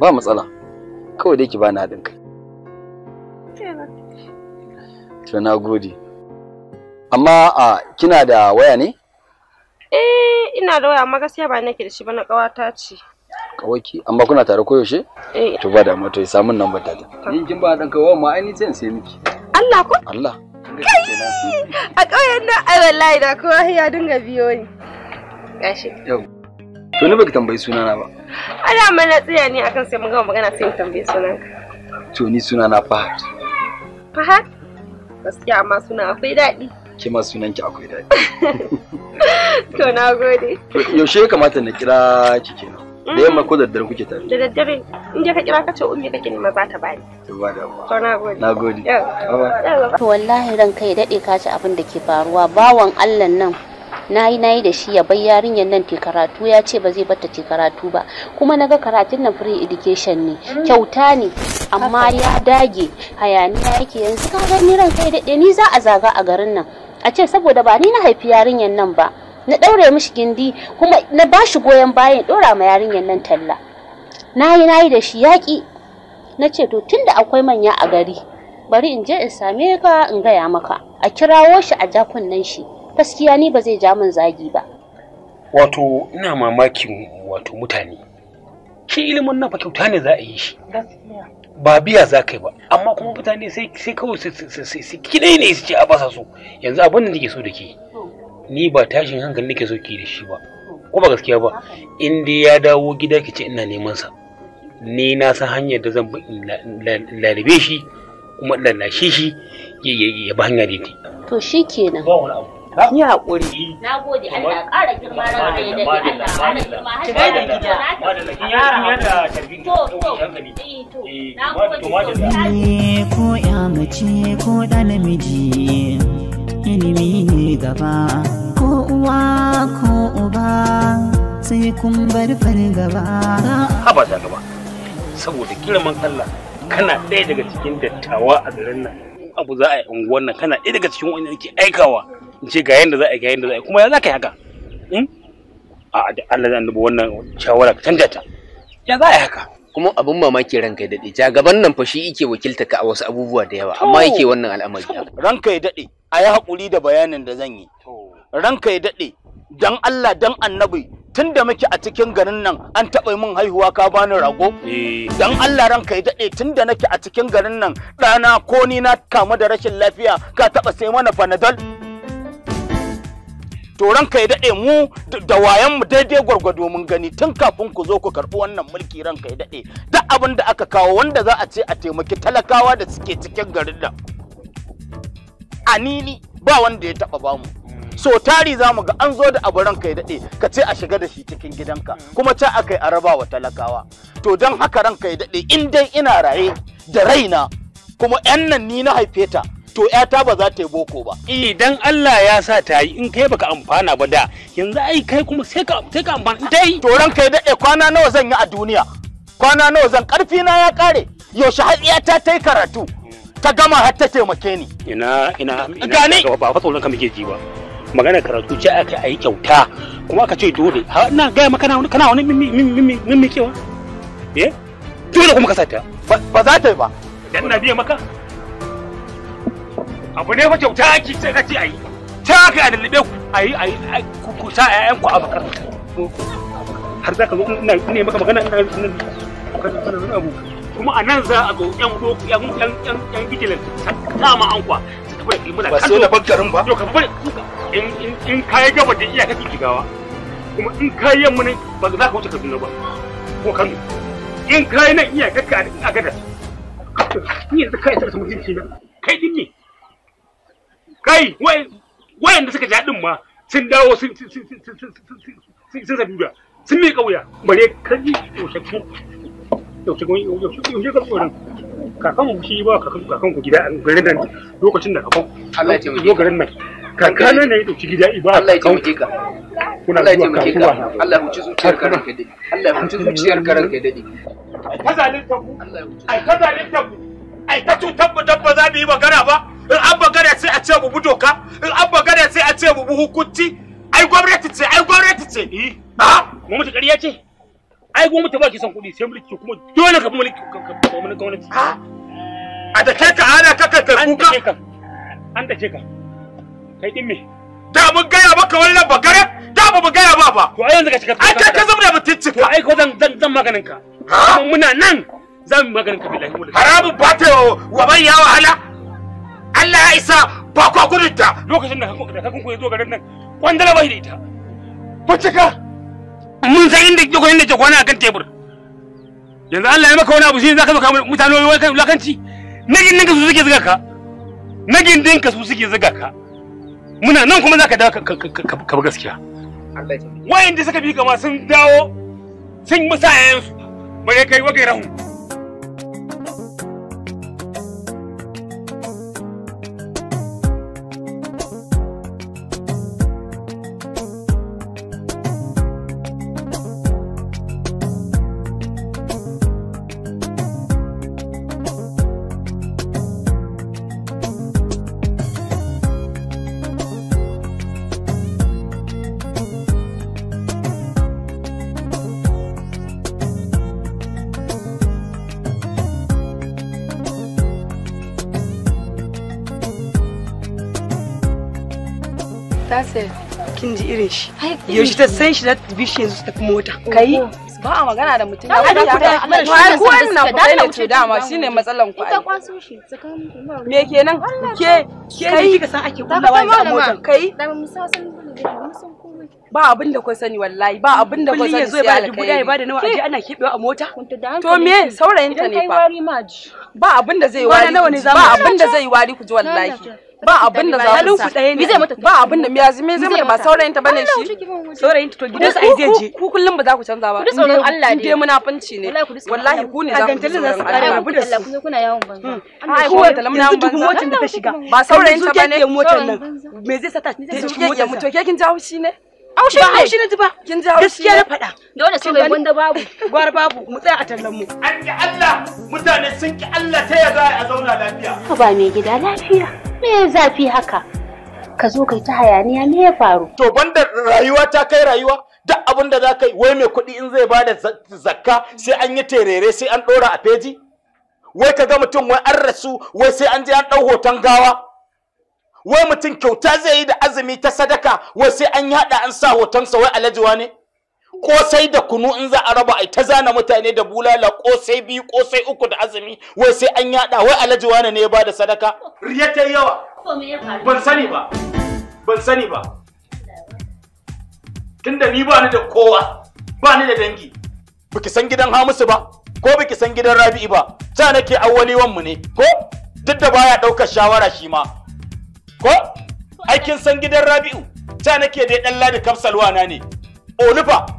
ba matsala kawai dai ki bani haɗin kai to na gode amma a kina da waya ne eh ina da waya amma gaskiya ba nake da shi ba na kawata ce kawaki amma kuna tare koyaushe eh to ba da mu to samun number ta in kin ba dan kawo ma ainihin zan sai miki Allah ko Allah a ƙauyen nan ai wallahi da kowa ya dinga biyo ni gashi yau To ni baki tambayi sunana ba. da mana tsaya ne akan sai mun gama magana sai in tambayi sunanka. To ni sunana Fahad. Fahad? Gaskiya amma suna akwai daɗi. Ke ma sunanki akwai daɗi. To na gode. Yaushe ya kamata na kira ki kenan? Da mm. yamma ko daddare kuke tare? Da daddare. In ka kira ka ce ummi kake nema za ta bani. To ba da ba. To na gode. Na gode. Yau. Wallahi ran kai daɗe ka ci abin da ke faruwa bawan Allah nan na yi na yi da shi ya bai yarinyar nan ke karatu ya ce ba zai bata ke karatu ba kuma naga karatun na free education ne mm. kyauta ne amma ya dage hayaniya yake yanzu ka gani ran kai daɗe ni za a zaga a garin nan a ce saboda ba ni na haifi yarinyar nan ba na daure mishi gindi kuma na ba shi goyon bayan ɗora ma yarinyar nan talla na yi na yi da shi yaƙi na ce to tunda akwai manya a gari bari in je in same ka in gaya maka a kirawo shi a jakunnan shi gaskiya ni ba zai ja min zagi ba wato ina mamakin wato mutane shi ilimin nan fa kyauta ne za a yi shi ba biya za ka yi ba amma kuma mutane sai sai kawai su kidai ne su ce a basa so yanzu abin da nake so da ke ni ba tashin hankali nake so ki da shi ba ko ba gaskiya ba in dai ya dawo gida ki ce ina neman sa ni na san hanyar da zan lalabe shi kuma lallashe shi ya ba hanya daidai to shikenan ba wani abu yi haƙuri. Na gode Allah ƙara girma ran kai da Allah ƙara girma har da gida. Madalakin yaron yana tarbin to to eh, To eh, na gode sosai. Ko ya mace ko da namiji ilimi ne gaba ko uwa ko uba sai kun bar fargaba. Haba za gaba saboda girman Allah kana ɗaya daga cikin dattawa a garin nan abu za a yi unguwan nan kana ɗaya daga cikin wanda ke aikawa in ce ga yadda za a ga yadda za a kuma ya za ka yi haka in hmm? a da Allah zan dubo wannan shawara ka canja ta ya za a yi haka kuma abin mamaki ranka ya dade jagaban nan fa shi yake wakilta ka a wasu abubuwa da yawa amma yake wannan al'amari ranka ya dade a yi hakuri da bayanin da zan yi ranka ya dade dan Allah dan annabi tun da muke a cikin garin nan an taɓa min haihuwa ka bani rago eh. don allah ranka ya daɗe tun da nake a cikin garin nan ɗana ko ni na kamu da rashin lafiya ka taɓa sai mana panadol to ranka ya daɗe mu da wayan mu daidai gwargwado mun gani tun kafin ku zo ku karɓi wannan mulki ranka ya daɗe duk abin da aka kawo wanda za a ce a taimaki talakawa da suke cikin garin da anini ba wanda ya taɓa bamu mm. so tari za ga an zo da abu ranka ya daɗe ka ce a shiga da shi cikin gidanka mm. kuma ta aka yi araba wa talakawa to don haka ranka ya daɗe in dai ina raye da raina kuma 'yan nan ni na haife ta to ta ba za ta yi boko ba idan Allah ya sa ta yi in kai baka amfana ba da yanzu ai kai kuma sai ka sai ka amfana ta yi to ran kai daɗe kwana nawa zan yi a duniya kwana nawa zan karfi na ya ƙare yaushe har ta ta yi karatu ta gama har ta taimake ni ina ina ina ba fa tsoron ka muke ji ba magana karatu ce aka yi kyauta kuma aka ce dole na gaya maka kana wani mimmi kewa eh? dole kuma ka sata ba za ta yi ba dan na biya maka abu ne fa kyauta ake sai ka ce ayi ta ka yi lallabe ku ayi ayi ku sa ƴaƴan ku a bakar har za ka zo ina ne maka magana ina nan abu kuma a nan za a zo yan doku yan yan yan ƴan vigilant ta ma an kwa su tafi da ilmuna ba sai da bakkarin ba to ka bari in in in kai gaba da iya kake kigawa kuma in kai yamma ne ba za ka wuce Kaduna ba ko Kano in kai nan iya kakka a gadar ni yanzu kai sai mutunci na kai din ne kai wayan da suka ja din ma sun dawo sun sun sun sun sun sun sun sun sun sun yaushe ku yaushe shi ba kakan kakan ku gida garin nan lokacin da kakan Allah ya taimake garin nan ne ya dauki gida Allah ya taimake ka Allah ya taimake ka Allah ya huci zuciyar ka ranka Allah ya huci zuciyar ka ranka ai kazalin ai ta cutar mu dan ba za mu yi magana ba in an magana sai a ce mu bu doka in an magana sai a ce mu bu hukunci ai gwamnati ce ai gwamnati ce a mu mutu ƙarya ce ai gwamnati ba ki son kuɗi sai mulki kuma dole ka bi mulki ka wani gwamnati a da kai ka ana ka kai kuka an da ke ka kai din me da mun gaya maka wannan bagare da ba mu gaya ba ba to ai yanzu ka shiga ai kai ka zama da mutunci ka ai ko zan zan maganin ka muna nan za mu maganin ka billahi mulki haramun ba ta wa bai ya wahala Allah ya isa ba ku gudun ta lokacin da kun ku ya zo garin nan kwandala bai da ita bace ka mun san inda kike inda kike kwana kan tebur yanzu Allah ya maka wani abu shi zaka zo ka mutane wai kai lakanci nagin ka su suke zuga ka nagin ka su suke zuga ka muna nan kuma zaka dawo ka bi gaskiya wayanda suka bi kama sun dawo sun musa su. bai kai wagai rahu yaushe ta san shi za bishiyar bi shi su tafi mota kai ba a magana da mutum ya wani kuɗa ko wani na kuɗa ne to dama shi ne matsalan ku ita kwaso shi me kenan ke ke ne kika san ake kullawa da motar kai da mu san san ba abin da kun sani wallahi ba abin da kun sani sai ba dubu ɗaya ba da nawa aje ana kebewa a mota to me saurayin ta ne fa ba abin da zai wari ba abin da zai wari ku ji wallahi ba abin da za ku sa ne zai mata ba abin da miyazi me zai mata ba saurayin ta bane shi saurayin ta to gidan su aije je ku kullum ba za ku canza ba tsoron Allah ne munafunci ne wallahi ku ne za ku tsoron kare ku hmm. da su kuna yawon banza ai ku ta lamuna banza duk motin da ta shiga ba saurayin ta bane motar nan me zai sata ta shiga motar mu ke kin jawo shi ne Aushe ba shi ne ji ba. Kin ji aushe. ne. na Da Dole sai bai gwanda babu. Gwar babu mu tsaya a tallan mu. An ki Allah mutane sun ki Allah ta ya za a zauna lafiya. Ka ba mai gida lafiya. me ya zafi haka ka zo kai ta hayaniya me ya faru to banda rayuwa ta kai rayuwa duk abin da za ka yi wai mai kuɗi in zai ba da zakka sai an yi terere sai an ɗora a feji wai ka ga mutum wai an rasu wai sai an je an ɗau hoton gawa wai mutum kyauta zai yi da azumi ta sadaka wai sai an yi yaɗa an sa hotonsa wai alajiwa ne kosai da kunu in za a raba ai ta zana mutane da bulala kosai biyu kosai uku da azumi wai sai an yada wai alhaji wani ne ya bada sadaka riya ta yawa ban sani ba ban sani ba tunda ni ba ni da kowa ba ni da dangi biki san gidan hamisu ba ko biki san gidan rabi'i ba ta nake awwali mu ne ko duk da baya daukar shawara shi ma ko aikin san gidan rabi'u ta nake dai dan ladi kafsalwana ne olufa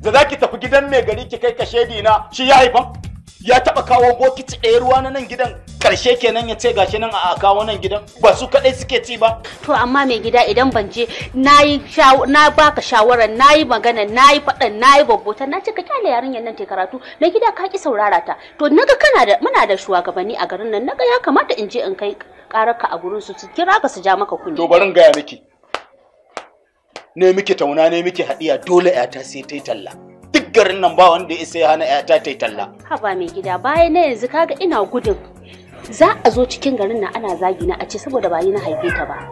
da za ki tafi gidan mai gari ki kai kashe na shi ya haifa ya taba kawo bokiti ɗaya ruwa na nan gidan karshe kenan ya ce gashi nan a kawo nan gidan ba su kadai suke ci ba to amma mai gida idan ban je nayi na baka shawara nayi magana nayi na nayi babbota na ce ka kyale yarinyar nan ta karatu na gida ka ki saurara ta to naga kana da muna da shugabanni a garin nan naga ya kamata in je in kai karaka a gurin su su kira ka su ja maka kunya to barin gaya miki ne muke tauna ne muke haɗiya dole yata sai ta talla duk garin nan ba wanda ya sai hana yata ta yi talla haba mai gida baya na yanzu kaga ina gudun za a zo cikin garin nan ana zagi na a ce saboda ba ni na haife ta ba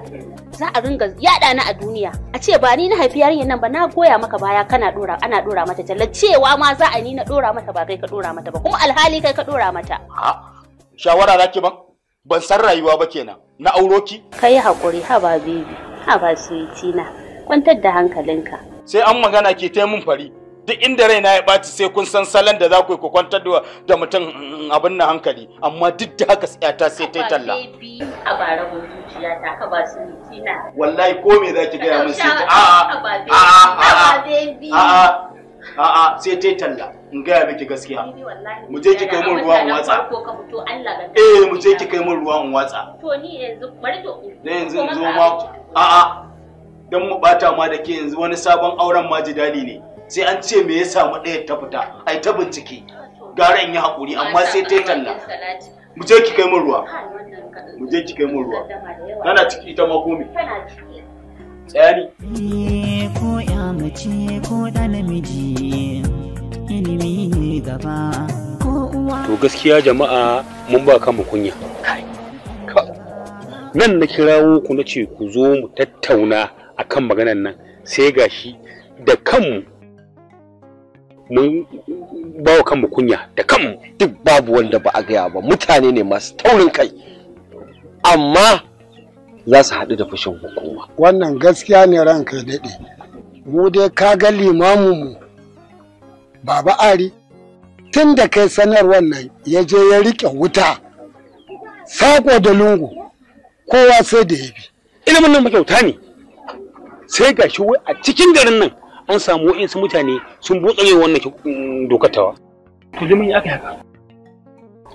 za a ringa yada na a duniya a ce ba ni na haifi yarinyar nan ba na goya maka baya kana dora ana dora mata talla cewa ma za a ni na dora mata ba kai ka dora mata ba kuma alhali kai ka dora mata shawara zaki ban ban san rayuwa ba kenan na auroki kai hakuri ha ba bibi ha ba na kwantar da hankalinka sai an magana ke ta mun fari duk inda raina ya ɓaci sai kun san salon da za ku yi ku kwantar da mutum mm, abin na hankali amma duk da haka tsayata sai ta talla. a bara zuciya ta ka ba su kina. Wallahi ko me za ki gaya min sai ta a a a a a a sai ta talla in gaya miki gaskiya. Mu je ki kai min ruwa in watsa. Eh mu je ki kai min ruwa in watsa. To ni yanzu bari to. Ne yanzu in zo ma a a don mu bata ma da ke yanzu wani sabon auren ma ji dadi ne sai an ce me ya samu ɗaya ta fita ai ta bincike gara in yi haƙuri amma sai ta talla mu je ki kai mun ruwa mu je ki kai mun ruwa kana ciki ita ma komi tsayani ko ya mace ko da namiji ilimi gaba ko uwa to gaskiya jama'a mun ba kanmu kunya nan na kirawo ku na ce ku zo mu tattauna akan maganan nan sai gashi da kanmu mun bawa kanmu kunya da kanmu duk babu wanda ba a gaya ba mutane ne masu taurin kai amma za su haɗu da fushin hukuma wannan gaskiya ne ran ya daɗe mu dai ka ga mu baba ari tun da kai sanar wannan, ya je ya riƙe wuta sako da lungu kowa sai da ya bi ilimin nan kyauta ne sai ga shi wai a cikin garin nan an samu wa'insu mutane sun butsare wannan mm, dokar tawa. To ji mun yi aka haka.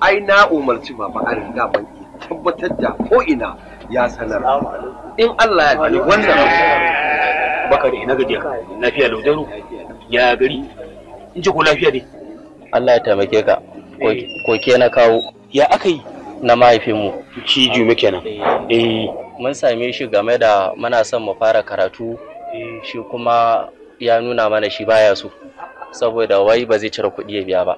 Ai na umarci baba a riga ban tabbatar da ko ina ya sanar. In Allah ya ji wannan bakari na gajiya lafiya wajen ya gari in ji ko lafiya ne. Allah ya taimake ka eh. ko ke na kawo. Ya aka yi. Na mahaifinmu. Ci jume kenan. Eh. eh. mun same shi game da muna son mu fara karatu shi kuma ya nuna mana shi baya so saboda wai ba zai cire kuɗi ya biya ba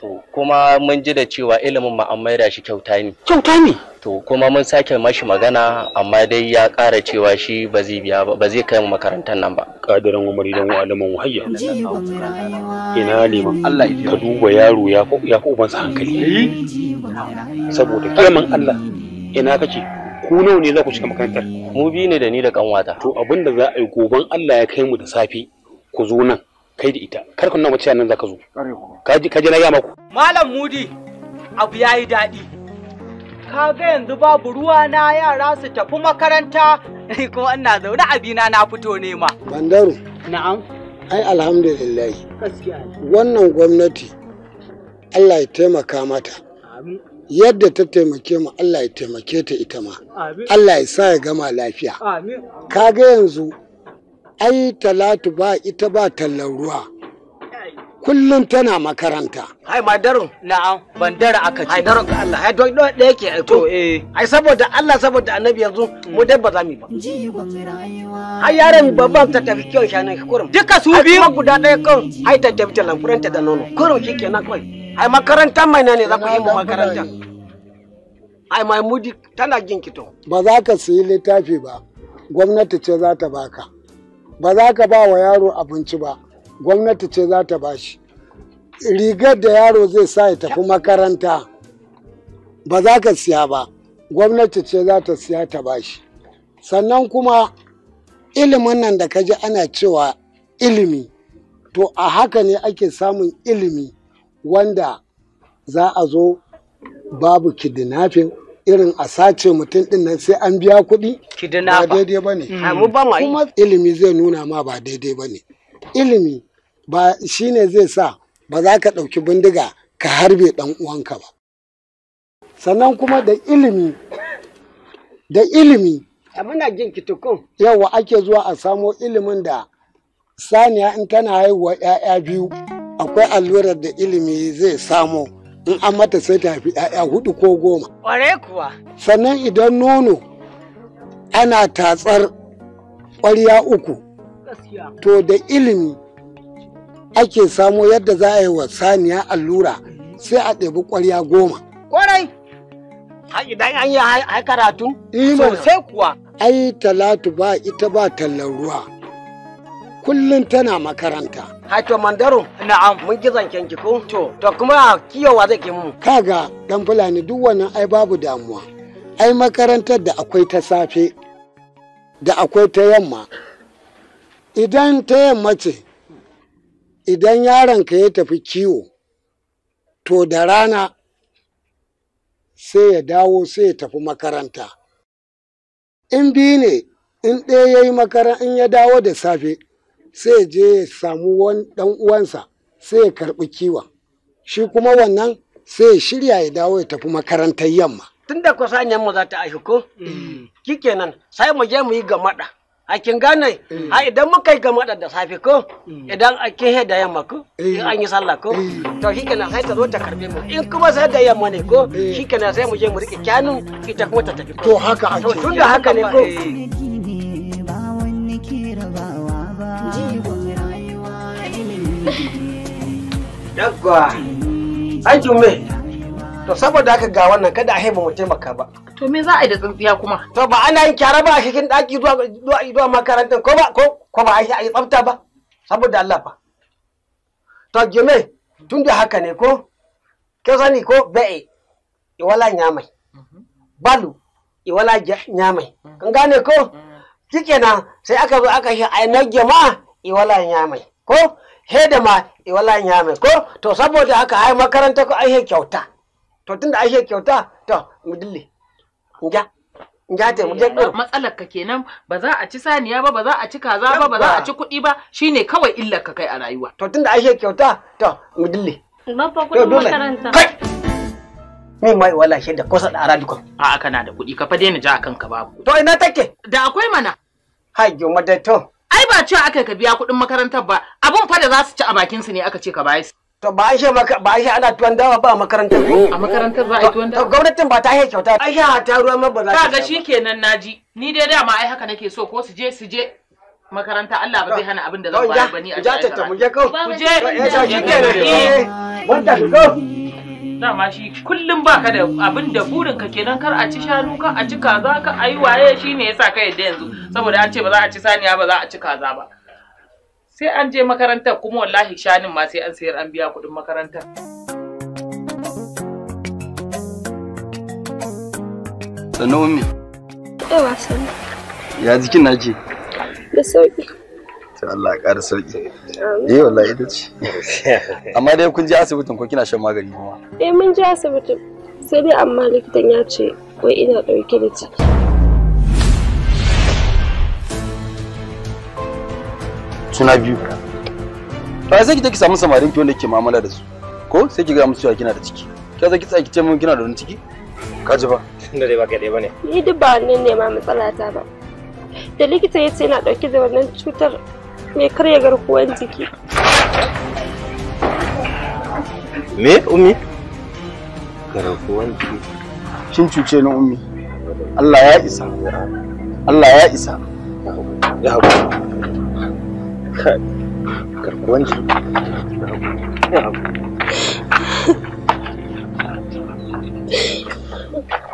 to kuma mun ji da cewa ilimin ma an maida shi kyauta ne kyauta ne to kuma mun sake mashi magana amma dai ya ƙara cewa shi ba zai biya ba ba zai kai mu makarantar nan ba kadirin umari dan alaman wahayya ina liman Allah ka duba yaro ya ko sa hankali saboda kalman Allah ina kake ku nawa ne za ku shiga makarantar mu bi ne da ni da kanwata to abin da za a yi goban Allah ya kai mu da safi ku zo nan kai da ita kar ku nan wace nan za ka zo ka ji na ya maku malam mudi abu yayi daɗi ka ga yanzu babu ruwa na yara su tafi makaranta kuma ina zaune abina na fito nema bandaru na'am ai alhamdulillah gaskiya wannan gwamnati Allah ya taimaka mata amin yadda ta taimake mu Allah ya taimake ta ita ma Allah ya sa ya gama lafiya kaga yanzu ai talatu ba ita ba tallan ruwa kullum tana makaranta hai ma darin na'am ban dara aka ce hai darin ga Allah hai don da yake to eh ai saboda Allah saboda annabi yanzu mm. mu dai ba za mu ba hai yaran babban ta tafi kyau shanan kurum duka su biyu guda daya kan hai ta tafi talan kuranta da nono kurum shikenan kai ai makarantar mai na ne za ku yi mu makarantar ai mai mudi tana ginkito ba za ka sayi littafi ba gwamnati ce za ta baka ba za ka ba wa yaro abinci ba gwamnati ce za ta bashi rigar da yaro zai sa ya tafi makaranta ba za ka siya ba gwamnati ce za ta siya ta bashi sannan kuma ilimin nan da ka ji ana cewa ilimi to a haka ne ake samun ilimi wanda za a zo babu kidnapping irin a sace mutum din nan sai an biya kuɗi ba daidai ba ne mm. kuma ilimi zai nuna ma ba daidai ba ne ilimi ba shi ne zai sa ba za ka ɗauki bindiga ka harbe ɗan uwanka ba sannan kuma da ilimi da ilimi muna jin kitukun yawa ake zuwa a samo ilimin da saniya in tana haihuwa 'ya'ya biyu akwai allurar da ilimi zai samo in an mata sai ta haifi 'ya'ya hudu ko goma. Kware kuwa. Sannan idan nono ana tatsar ƙwarya uku. To da ilimi ake samo yadda za a yi wa saniya allura sai a ɗebi ƙwarya goma. Kwarai! Idan an yi karatu eh sosai kuwa. Ai talatu ba ita ba tallar ruwa. Kullum tana makaranta. to Mandaro? Na'am. Mun ji zancen ki ko? To, to kuma kiyowa zai ke mu. Kaga dan Fulani duk wannan ai babu damuwa. Ai makarantar da akwai ta safe da akwai ta yamma. Idan ta yamma ce, idan yaron ka ya tafi kiwo, to da rana sai ya dawo sai ya tafi makaranta. In biyu ne, in ɗaya ya yi makaranta in ya dawo da safe, sai je ya samu dan uwansa sai ya karbi kiwon shi kuma wannan sai ya shirya ya dawo ya tafi makarantar yamma tun da kusa yamma za ta ashi ko mm. kike nan sai mu je mu yi gamada a kin gane mm. a idan muka yi gamada da safe ko mm. idan a kin da yamma ko eh. in an yi sallah ko eh. to kenan sai ta zo ta karbe mu in kuma sai da yamma ne ko eh. kenan sai mu je mu rike kyanun ita kuma ta tafi to haka ake to tun da haka ne ko ba wani kira ba Yagwa. Ai Jume. To saboda haka ga wannan kada a haiba mu taimaka ba. To me za a yi da tsintsiya kuma? To ba ana yin kyara ba a cikin ɗaki zuwa zuwa makarantar ko ba ko ko ba a yi tsafta ba. Saboda Allah fa. To Jume tun da haka ne ko? Ke sani ko be'e iwala nyamai. Balu iwala nyamai. Kan gane ko? Kikenan mm. sai aka zo aka shi a na jama'a iwala nyamai. Ko? he da ma iwala eh, ya mai ko to saboda haka ai makaranta ko ai kyauta to tunda ai kyauta to mu dille ja ja ta mu eh, matsalar ka kenan ba za a ci saniya ba ba za a ci kaza ba ba za a ci kuɗi ba shine kawai illar ka kai a rayuwa to tunda ai kyauta to mu dille ba fa kuɗin makaranta ni mai wala shi da kosa da aradiko a'a kana da kuɗi ka fa daina ja kanka babu to ina take da akwai mana hajjo madaito ai ba cewa aka ka biya kuɗin makarantar ba abin fa da za su ci a bakin su ne aka ce ka bayar to ba shi ba shi ana tuwon dawa ba a makarantar a makarantar za a yi tuwon dawa gwamnatin ba ta yi kyauta ai ya ta ruwa ma ba za ta ga shikenan naji ni dai dama ai haka nake so ko su je su je makaranta Allah ba zai hana abin da zan bayar ba ni a jami'a ku je ku je shikenan eh wanda eh, ku dama shi kullum baka da abin da burin ka kenan kar a ci shanu ka a ci kaza ka ayi waye shine yasa ka yadda yanzu saboda an ce ba za a ci saniya ba za a ci kaza ba sai an je makarantar kuma wallahi shanin ma sai an sayar an biya kuɗin makarantar sannan ummi yawa sannan ya jikin nake da sauki Allah ya ƙara sauki eh wallahi ita ce amma dai kun je asibitin ko kina shan magani kuma eh mun je asibitin sai dai amma likitan ya ce wai ina ɗauke da ciki suna biyu to sai ki ta ki samu samarin ki wanda ke mu'amala da su ko sai ki ga musu cewa kina da ciki ka zaki tsaya ki ce mun kina da wani ciki ka ji ba tunda dai ba ka dai bane ni duk ba ne ma matsala ta ba da likita ya ce na dauke da wannan cutar mai karya garkuwar jiki. Me umi? Garkuwar jiki. Kin cuce ni umi. Allah ya isa. Allah ya isa. Ya haku. Garkuwar jiki. Ya haku.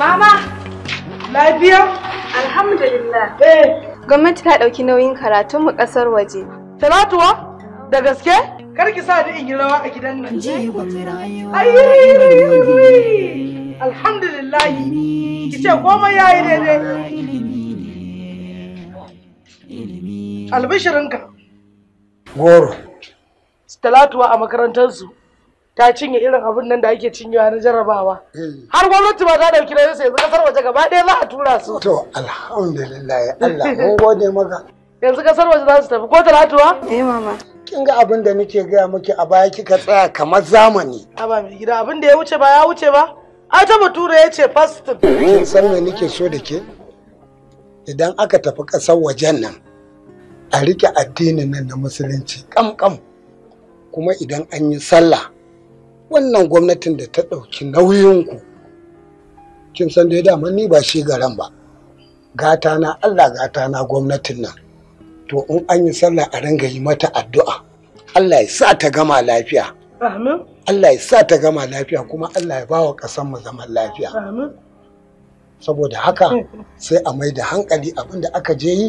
Mama! Lafiya? Alhamdulillah. Eh. Gwamnati ta ɗauki nauyin karatunmu mu ƙasar waje. Talatuwa? Da gaske? Kar ki sa ni in yi rawa a gidan nan. Je makarantarsu. ta cinye irin abin nan da ake cinyewa na jarabawa eh. har gwamnati ba ta dauki na sai yanzu kasar waje gaba ɗaya za a tura su to alhamdulillah Allah mun gode maka yanzu kasar waje za su tafi ko talatuwa eh mama kin ga abin da nake gaya miki a baya kika tsaya kamar zamani a ba mai gida abin da ya wuce ba ya wuce ba ai ta bature ya ce fastin kin san me nake so da ke idan aka tafi kasar wajen nan a rike addinin nan na musulunci kam kam kuma idan an yi sallah wannan gwamnatin da ta ɗauki nauyinku kin san dai dama ni ba shi garan ba gata na allah gata na gwamnatin nan to in an yi sallah a ringa yi mata addu'a allah ya sa ta gama lafiya allah ya sa ta gama lafiya kuma allah ya bawa ƙasan mu zaman lafiya saboda haka sai a mai da hankali abinda aka je yi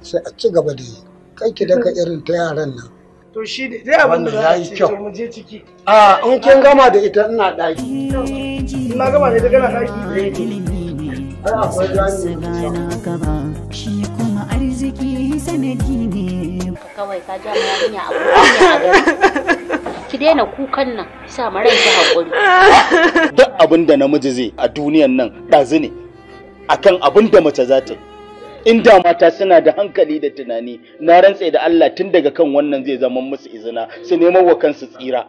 sai a ci gaba da yi kai ki daga irin ta yaran nan to shi ne a ce in kin gama da ita ina daki ina gama da kana daki shi kuma arziki sanadi ne kawai ka ja yarinya ki daina kukan nan sa ma ki hakuri duk abin da namiji zai a duniyan nan ɗazu ne akan abin da mace za ta yi inda mata suna da hankali da tunani na rantse da Allah tun daga kan wannan zai zama musu izina su neman wa kansu tsira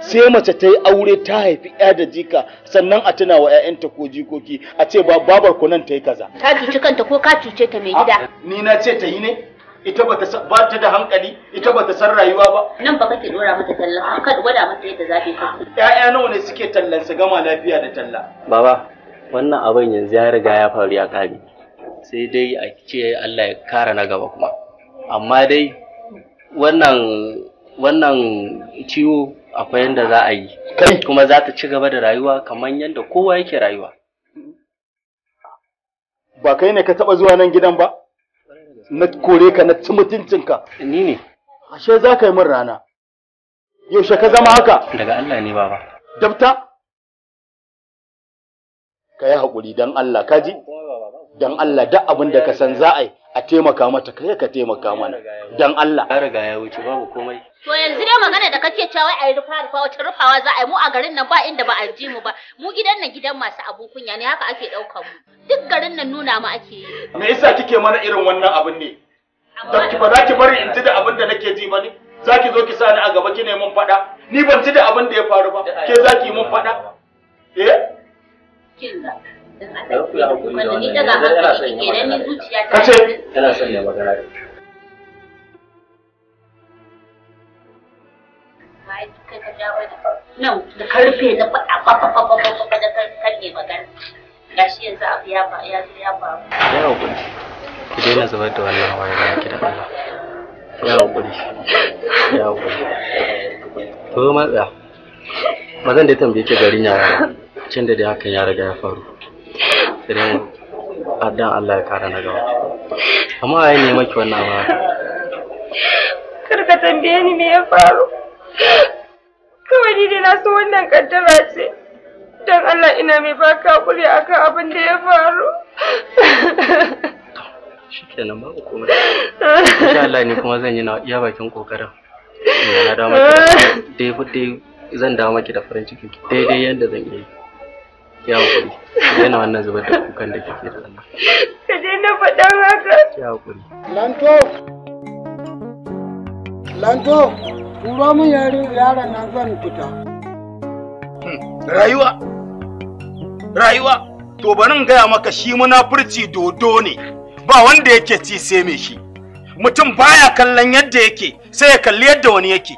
sai mace ta yi aure ta haifi ya da jika sannan a tuna wa 'ya'yanta ko jikoki a ce ba babar ku nan ta yi kaza ka cuci kanta ko ka cuce ta mai gida ni na ce ta yi ne ita ba ta da hankali ita ba ta san rayuwa ba nan ba kake dora mata talla ka gwada mata yadda zafi ka ƴaƴa nawa ne suke tallan su gama lafiya da talla baba wannan abin yanzu ya riga ya faru ya kare sai dai a ce Allah ya kara na gaba kuma amma dai wannan wannan ciwo akwai yadda za a yi kuma za ta ci gaba da rayuwa kamar yadda kowa yake rayuwa ba kai ne ka taba zuwa nan gidan ba na kore ka na ci mutuncinka ni ne ashe za ka yi min rana yaushe ka zama haka daga Allah ne baba dabta ka yi haƙuri don Allah ka ji don Allah duk abin da ka san za a yi a taimaka mata kai ka taimaka mana don Allah ya riga ya wuce babu komai to yanzu dai magana da kake cewa a yi rufa rufa wata rufawa za a yi mu a garin nan ba inda ba a ji mu ba mu gidan nan gidan masu abun kunya ne haka ake daukar mu duk garin nan nuna mu ake yi me yasa kike mana irin wannan abin ne da ki ba za ki bari in ji da abin da nake ji ba ne za ki zo ki sa ni a gaba ki ne mun faɗa ni ban ji da abin da ya faru ba ke za ki mun faɗa eh Wanda ni kenan ni zuciya ta. son ya da kai. Nan da karfe da da ya faru. Ya daina zubar da wannan da Allah. Ya haƙuri. Ya haƙuri. To matsa. Ba zan da tambaye ki garin yara. Cin da dai hakan ya riga ya faru. idan addan Allah ya kara na gaba amma ya ne maki wannan ba karka tambaye ni me ya faru kawai ni dai na so wannan kaddara ce dan Allah ina mai baka kuri akan abin da ya faru shikenan babu komai insha Allah ni kuma zan yi na iya bakin kokarin na da dai dai zan dawo maki da farin ciki daidai yadda zan yi ya hakuri yana wannan zubar da kukan da kike da wannan. ka je na faɗan haka ya hakuri lanto lanto turo min yaron yaron nan zan fita hmm, rayuwa rayuwa to bari in gaya maka shi munafurci dodo ne ba wanda yake ci sai me shi mutum baya kallon yadda yake sai ya kalli yadda wani yake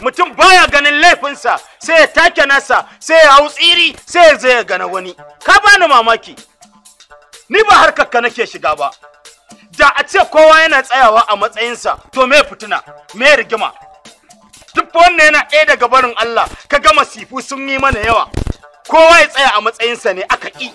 mutum baya ganin laifinsa sai ya take nasa sai ya hau tsiri sai ya zai gana wani ka bani mamaki ni ba harkar ka nake shiga ba da a ce kowa yana tsayawa a matsayinsa to me fitina me rigima duk wannan yana ɗaya daga barin Allah ka gama masifu sun yi mana yawa kowa ya tsaya a matsayinsa ne aka ƙi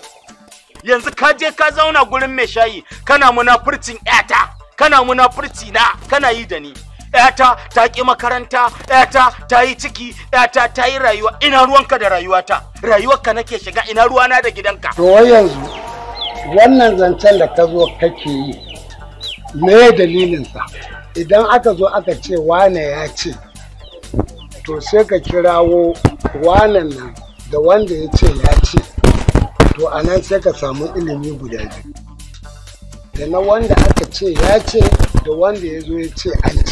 yanzu ka je ka zauna gurin mai shayi kana munafurcin ƴata kana munafurci na kana yi da ni yata ta ƙi makaranta yata ta yi ciki yata ta yi rayuwa ina ruwanka da rayuwata rayuwarka nake shiga ina ruwana da gidanka to yanzu wannan zancen da ka zo kake yi me dalilinsa idan aka zo aka ce wane ya ce to sai ka kirawo wanan nan da wanda ya ce ya ce to a nan sai ka samu ilimi guda biyu da na wanda aka ce ya ce da wanda ya zo ya ce an ce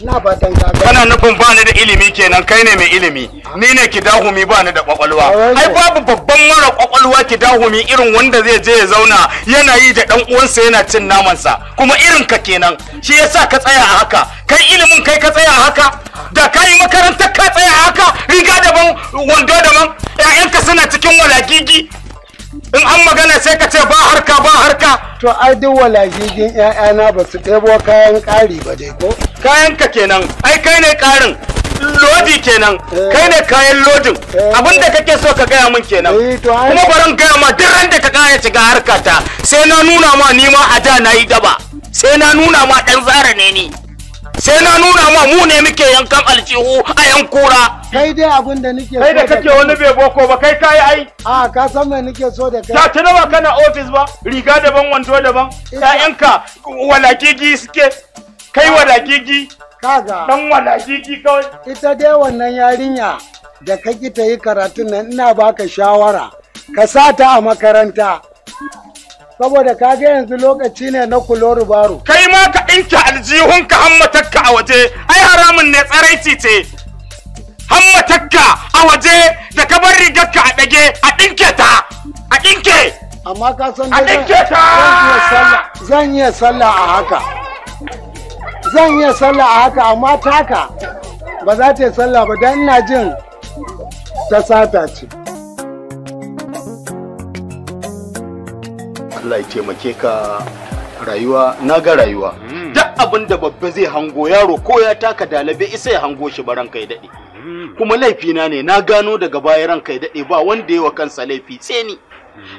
Kana nufin ba ni da ilimi kenan kai ne mai ilimi. Ni ne ki dahumi ba ni da kwakwalwa. Ai babu babban mara kwakwalwa ki dahumi irin wanda zai je ya zauna yana yi da dan uwansa yana cin namansa. Kuma irin ka kenan. Shi yasa ka tsaya a haka. Kai ilimin kai ka tsaya a haka. Da ka makarantar ka tsaya a haka. Riga daban wando daban. 'Ya'yanka suna cikin walagigi. in an magana sai ka ce ba harka ba harka to ai duk 'ya'ya ƴaƴana ba su ɗebo kayan ƙari ba dai ko kayan ka kenan ai kai ne ƙarin lodi kenan eh. kai ne kayan lodin eh. abin da kake so ka gaya min kenan eh, kuma barin gaya ma duk ran da ka kaya ga harka ta sai na nuna ma ni ma a da na yi daba sai na nuna ma ɗan zara ne ni sai na nuna ma mu ne muke yankan alcihu a yankura kai dai abin da nake kai da kake wani bai boko ba kai kai ai a ka san me nake so da kai ta tuna ba kana office ba riga daban wando daban ƴaƴanka walakiki suke kai walakiki kaga dan walakiki kawai ita dai wannan yarinya da kake ki ta yi karatun nan ina baka shawara ka sa ta a makaranta saboda ka ga yanzu lokaci ne na kuloru baro kai ma ka ɗinke aljihunka hammatakka a waje ai haramun ne tsaraici ce hammatakka a waje da ka bar rigarka a ɗage a ɗinke ta a ɗinke amma ka san a ta zan iya sallah a haka zan iya sallah a haka amma taka ba za ta yi sallah ba don ina jin ta sata ce Allah ya taimake ka rayuwa na ga rayuwa hmm. duk abin da babba zai hango yaro ko ya taka dalabe isa ya hango shi baran kai ya daɗe hmm. kuma laifina ne na gano daga baya ranka ya daɗe ba wanda ya wa kansa laifi sai ni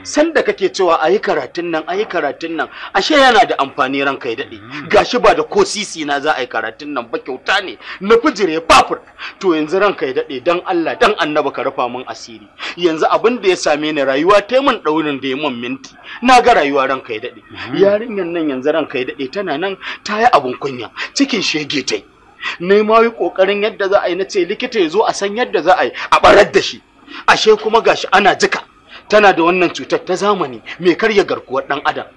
sanda kake cewa ayi karatun nan ayi karatun nan ashe yana da amfani ran kai daɗe mm-hmm. gashi ba da ko sisi na za a yi karatun nan ba kyauta ne na bijire papur to yanzu ran kai daɗe dan Allah dan annaba ka rufa min asiri yanzu abin da ya same ni rayuwa ta mun ɗaurin da ya min minti na ga rayuwa ran kai daɗe mm-hmm. Yarinyan nan yanzu ran kai daɗe tana nan ta yi abin kunya cikin shege tai na ma yi ƙoƙarin yadda za a yi na ce likita ya zo a san yadda za a yi a barar da shi ashe kuma gashi ana jika tana da wannan cutar ta zamani mai karya garkuwar dan adam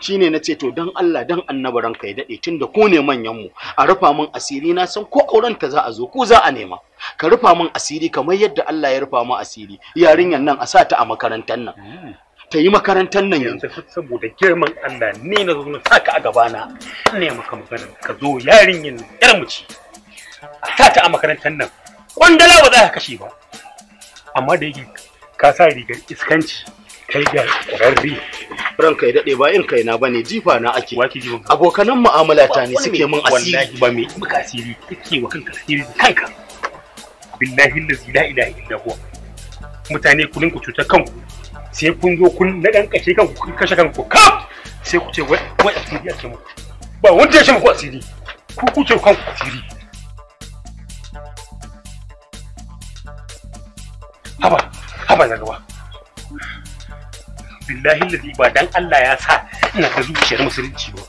shine na ce to dan Allah dan annabi ranka ya dade tunda ku ne manyanmu. a rufa min asiri na san ko auren ta za a zo ku za a nema ka rufa min asiri kamar yadda Allah ya rufa min asiri yarinyar nan a sa ta a makarantar nan hmm. ta yi makarantar nan yanzu saboda girman Allah ne na zo na saka a gaba na ne maka magana ka zo yarinyar yar mu ci a sa ta a makarantar nan kwandala ba za ka kashe ba amma da yake ka sa rigar iskanci kai ga ƙwararri ranka ya daɗe ba in kai na bane jifa na ake abokanan mu'amala ta ne suke min asiri ba me muka asiri kike wa kanka asiri kanka billahi la ilaha illa huwa mutane ku dinka cutar kanku sai kun zo kun na dan kace kanku kun kashe kanku ka sai ku ce wai asiri ake muku ba wanda ya shi muku asiri ku ce kanku asiri haba ba zaga ba billahi ladi ba dan Allah ya sa ina da zuciyar musulunci ba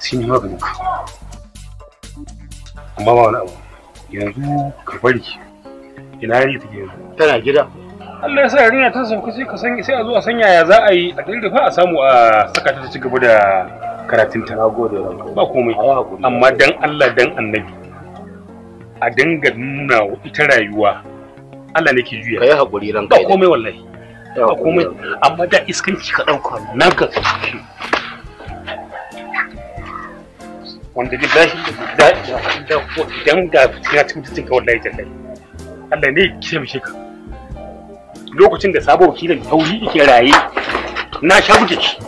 sai ni maganin ka amma ba wani abu yanzu ka bari ina yi take yanzu tana gida Allah ya sa yarinya ta sauka sai ka sanya sai a zo a sanya ya za a yi a dinga a samu a saka ta ci gaba da karatun ta nagode ba komai amma dan Allah dan annabi a dinga nuna ita rayuwa Allah ne ke juya. Kai hakuri ran kai. Ba komai wallahi. Ba komai amma da iskanci ka dauka nan ka. Wanda da bashi da da idan ga fitina cikin cikin ka wallahi kai. Allah ne ke taimake ka. Lokacin da sabo wakilin tauri yake raye na sha buke shi.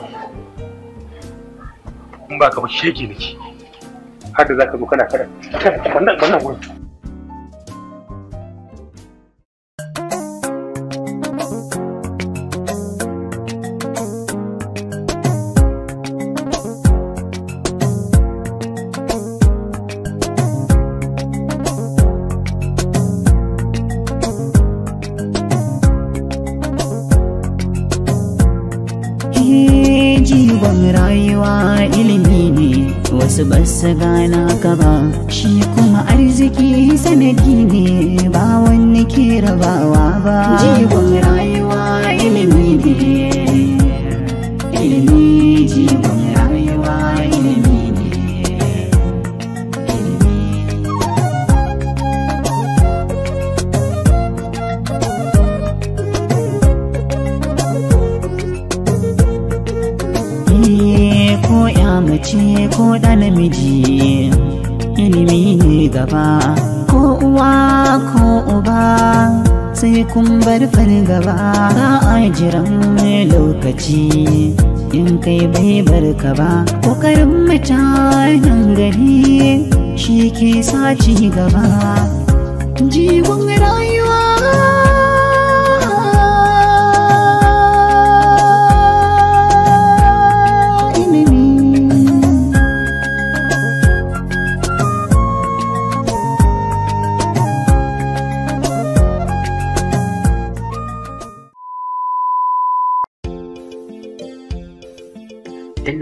In ba ka ba shege nake. Har da zaka zo kana kada. Kana wannan wannan wurin. mace ko ɗan namiji ilimi ne gaba ko uwa ko uba sai kun bar fargaba za a jiran lokaci in kai bai barka ba ƙoƙarin mutanen gari shi ke sa ci gaba jigon rayuwa